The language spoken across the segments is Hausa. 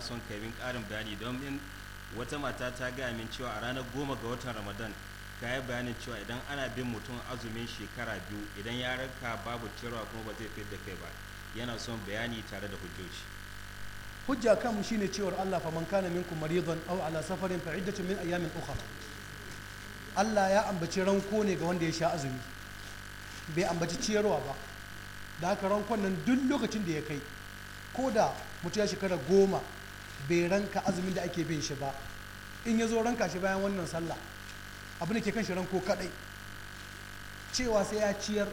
son kaibin karin ƙarin bayani domin wata mata ta gaya min cewa a ranar goma ga watan ramadan ka yi bayanin cewa idan ana bin mutum azumin shekara biyu idan ya raka babu cewa kuma ba zai fi da kai ba yana son bayani tare da hujjoji hujja kan shine cewar Allah fa man kana minkum maridan aw ala safarin fa iddatun min ayamin ukhra Allah ya ambaci ranko ne ga wanda ya sha azumi bai ambaci ciyarwa ba da haka rankon nan duk lokacin da ya kai ko da mutu ya shekara goma bai ranka azumin da ake bin shi ba in ya zo ranka shi bayan wannan sallah abin da ke kan shi ranko kadai cewa sai ya ciyar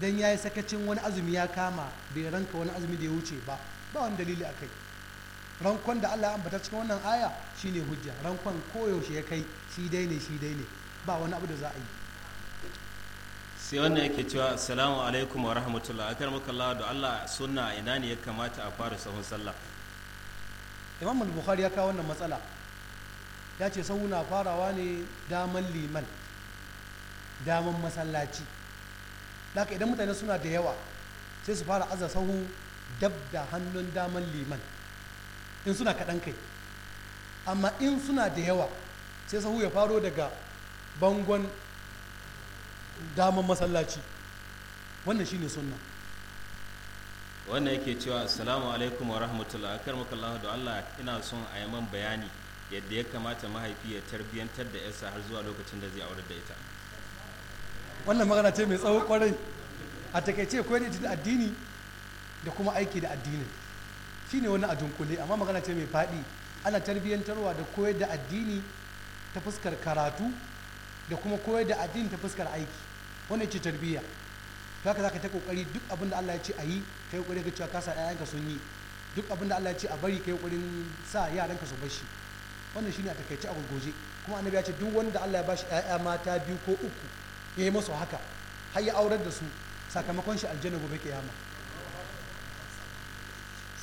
don ya yi sakacin wani azumi ya kama bai ranka wani azumi da ya wuce ba ba wani dalili a kai rankon da allah ambata cikin wannan aya shi ne hujja rankon koyaushe ya kai shi dai ne shi dai ne ba wani abu da za a yi sai wannan yake cewa assalamu alaikum wa rahmatullah akar makallawa da Allah sunna ina ne ya kamata a fara sahun sallah imam bukhari ya kawo wannan matsala ya ce sahu na farawa ne daman liman daman masallaci haka idan mutane suna da yawa sai su fara aza sahu dab da hannun daman liman in suna kaɗan kai amma in suna da yawa sai sahu ya faro daga bangon daman masallaci wannan shine sunna wannan yake cewa assalamu alaikum wa rahmatullah akar da Allah ina son a yi man bayani yadda ya kamata mahaifi ya tarbiyyantar da yarsa har zuwa lokacin da zai aure da ita wannan magana ce mai tsawo kwarai a takaice ko da addini da kuma aiki da addinin shine wani a dunkule amma magana ce mai faɗi ana tarbiyyantarwa da koyar da addini ta fuskar karatu da kuma koyar da addini ta fuskar aiki wannan ce tarbiyya kaka za ka ta kokari duk abinda da Allah ya ce a yi kai kokari ka cewa ka sa ƴaƴanka sun yi duk abin da Allah ya ce a bari kai kokarin sa yaranka su bar shi wannan shine a takaice a gurguje kuma annabi ya ce duk wanda Allah ya bashi ƴaƴa mata biyu ko uku ya yi musu haka har ya aurar da su sakamakon shi aljanna gobe kiyama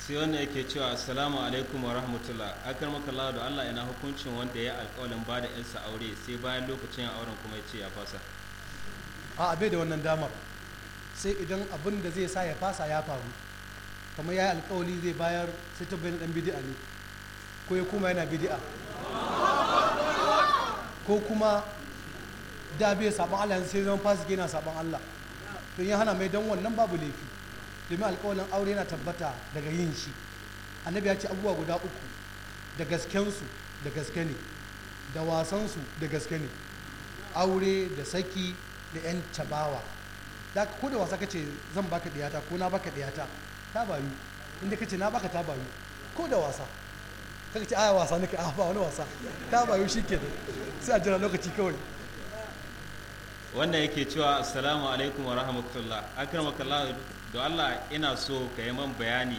sai wannan yake cewa assalamu alaikum wa rahmatullah akar makalla da Allah ina hukuncin wanda ya alƙawalin ba da yansa aure sai bayan lokacin auren kuma ya ce ya fasa a abe da wannan damar sai idan abin da zai sa ya fasa ya faru kamar ya yi alƙawali zai bayar sai ta bayan dan bidi'a ne ko ya kuma yana bidi'a ko kuma da bai sabon Allah sai zama fasike yana saban Allah don ya hana mai dan wannan babu laifi domin alkawalin aure yana tabbata daga yin shi annabi ya ce abubuwa guda uku da gaskensu da gaske ne da wasansu da gaske ne aure da saki da 'yan cabawa da ko da wasa kace zan baka diyata ko na baka diyata ta bayu inda kace na baka ta bayu ko da wasa kaka ce aya wasa nake a ba wani wasa ta bayu da sai a jira lokaci kawai wannan yake cewa assalamu alaikum wa rahmatullah akramakallah da Allah ina so ka yi man bayani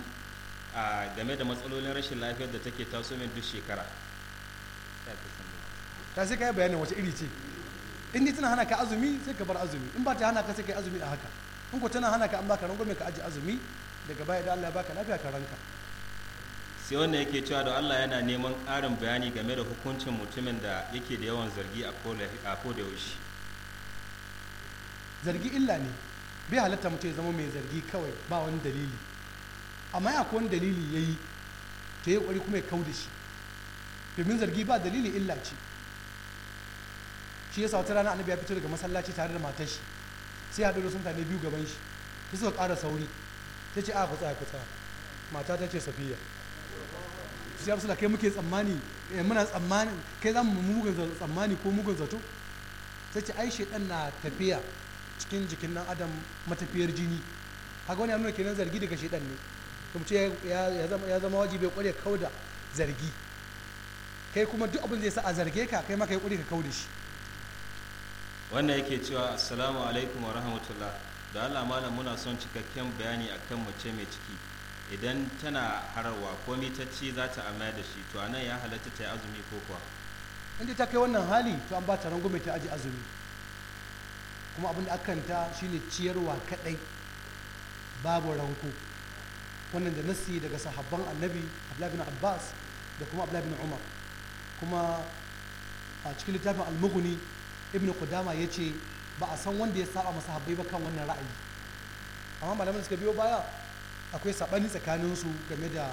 a game da matsalolin rashin lafiyar da take taso min duk shekara ta sai ka yi bayanin wace iri ce in ni tana hana ka azumi sai ka bar azumi in ba ta hana ka sai ka yi azumi a haka in ko tana hana ka an baka rangon ka aji azumi daga baya da Allah ya baka lafiya ka ranka sai wannan yake cewa da Allah yana neman ƙarin bayani game da hukuncin mutumin da yake da yawan zargi a ko da yaushe zargi illa ne bai halatta mutum ya zama mai zargi kawai ba wani dalili amma ya wani dalili ya yi ta yi kwari kuma ya kau da shi domin zargi ba dalili illa ce shi ya wata rana annabi ya fito daga masallaci tare da matar shi sai haɗu da sun mutane biyu gaban shi ta suka ƙara sauri ta ce a ku tsaya ku tsaya mata ta ce safiya sai ya da kai muke tsammani eh, muna tsammani kai za mu mugun tsammani ko mugun zato ta ce ai ɗan na tafiya cikin jikin nan adam matafiyar jini haka wani nuna kenan zargi daga shaidan ne kuma ce ya zama wajibi bai kware da zargi kai kuma duk abin zai sa a zarge ka kai maka ya kware ka kau da shi wannan yake cewa assalamu alaikum wa rahmatullah da Allah malam muna son cikakken bayani akan mace mai ciki idan tana hararwa ko mitacci za ta amma da shi to anan ya halatta ta yi azumi ko kuwa in ta kai wannan hali to an ba ta rangume ta aji azumi kuma abin da aka kanta shine ciyarwa kadai babu ranko wannan da nasi daga sahabban annabi abdullahi bin abbas da kuma abdullahi bin umar kuma a cikin littafin almuguni ibn kudama ya ce ba a san wanda ya saba masa habbai ba kan wannan ra'ayi amma malamai suka biyo baya akwai sabani tsakaninsu game da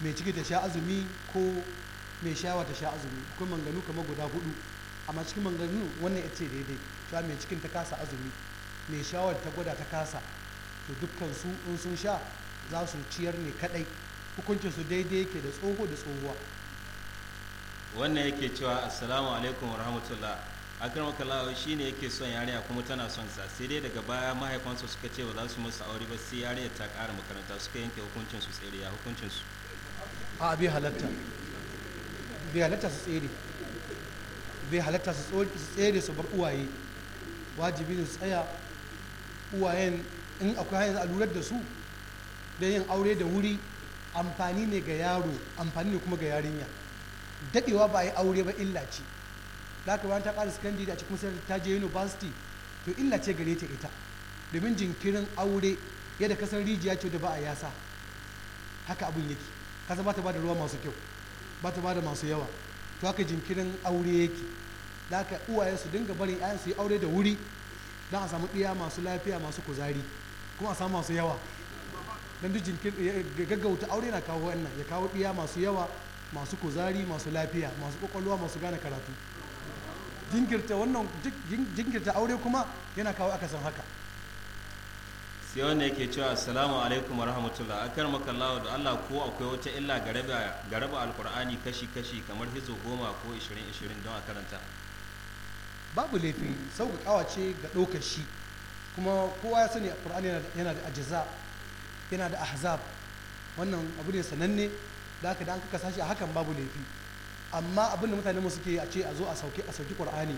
mai ciki ta sha azumi ko mai shawa ta sha azumi akwai manganu kamar guda hudu amma cikin manganu wannan ya ce daidai cewa mai cikin ta kasa azumi mai shawar ta gwada ta kasa to dukkan su in sun sha za su ciyar ne kadai hukuncin su daidai yake da tsoho da tsohuwa wannan yake cewa assalamu alaikum wa rahmatullah akramakallahu shine yake son yarinya kuma tana son sa sai dai daga baya mahaifansu suka ce ba za su musu aure ba sai yarinya ta ƙara makaranta suka yanke hukuncin su tsere ya hukuncin su a bi halatta bi halatta su tsere bai halatta su tsere su bar uwaye wajibi ne su tsaya uwayen in akwai hanyar a lura da su don yin aure da wuri amfani ne ga yaro amfani ne kuma ga yarinya daɗewa ba a yi aure ba illa ce da aka ta ƙara sakandare a cikin sayar ta je university to illa ce gare ta ita domin jinkirin aure yadda kasan rijiya ce da ba a yasa haka abin yake kasa ba ta ba da ruwa masu kyau ba ta ba da masu yawa to haka jinkirin aure yake da haka uwaye su dinga barin ƴaƴan su yi aure da wuri don a samu ɗiya masu lafiya masu kuzari kuma a samu masu yawa don duk jinkirin gaggauta aure na kawo wannan ya kawo ɗiya masu yawa masu kuzari masu lafiya masu kwakwalwa masu gane karatu jinkirta wannan jinkirta aure kuma yana kawo akasin haka sai wanda yake cewa assalamu alaikum wa rahmatullah akar makallahu da Allah ko akwai wata illa ga raba alkur'ani kashi-kashi kamar hizo goma ko 20-20 don a karanta babu laifi sauƙaƙawa ce ga daukar shi kuma kowa ya sani alkur'ani yana da ajaza yana da ahzab wannan abu ne sananne da aka da an kasa shi a hakan babu laifi amma abin da mutane mu suke a ce a zo a sauke a sauki qur'ani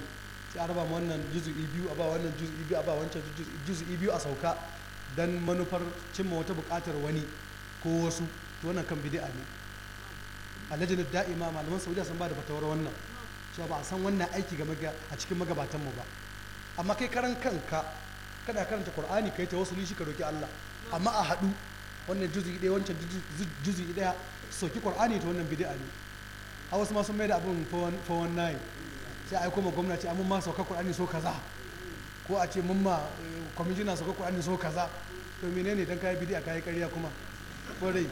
sai a raba wannan juzu'i biyu a ba wannan juzu'i biyu a ba wancan juzu'i biyu a sauka Dan manufar cimma wata buƙatar wani ko wasu to wannan kan bidi'a ne alajin da'ima malaman saudiya sun ba da fatawar wannan cewa ba a san wannan aiki ga a cikin magabatanmu ba amma kai karan kanka kana karanta qur'ani kai ta wasu lishi ka roki Allah amma a haɗu wannan juzu'i ɗaya wancan juzu'i ɗaya soki qur'ani ta wannan bidi'a ne a wasu ma sun mai da abin 419 sai a aiko ma gwamnati amma ma sauka qur'ani so kaza ko a ce mun ma eh, kwamishina na kuka kwanin so kaza to menene dan kayi bidi a kayi ƙarya kuma kwarai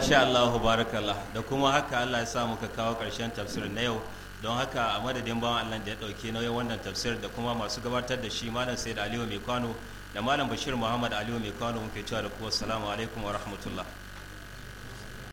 sha Allah barakallah da kuma haka Allah ya sa muka kawo karshen tafsir na yau don haka a madadin bawan Allah da ya ɗauki nauyin wannan tafsir da kuma masu gabatar da shi malam Said Aliyu Mai Kwano da malam Bashir Muhammad Aliyu Mai Kwano muke cewa da ku assalamu alaikum wa rahmatullah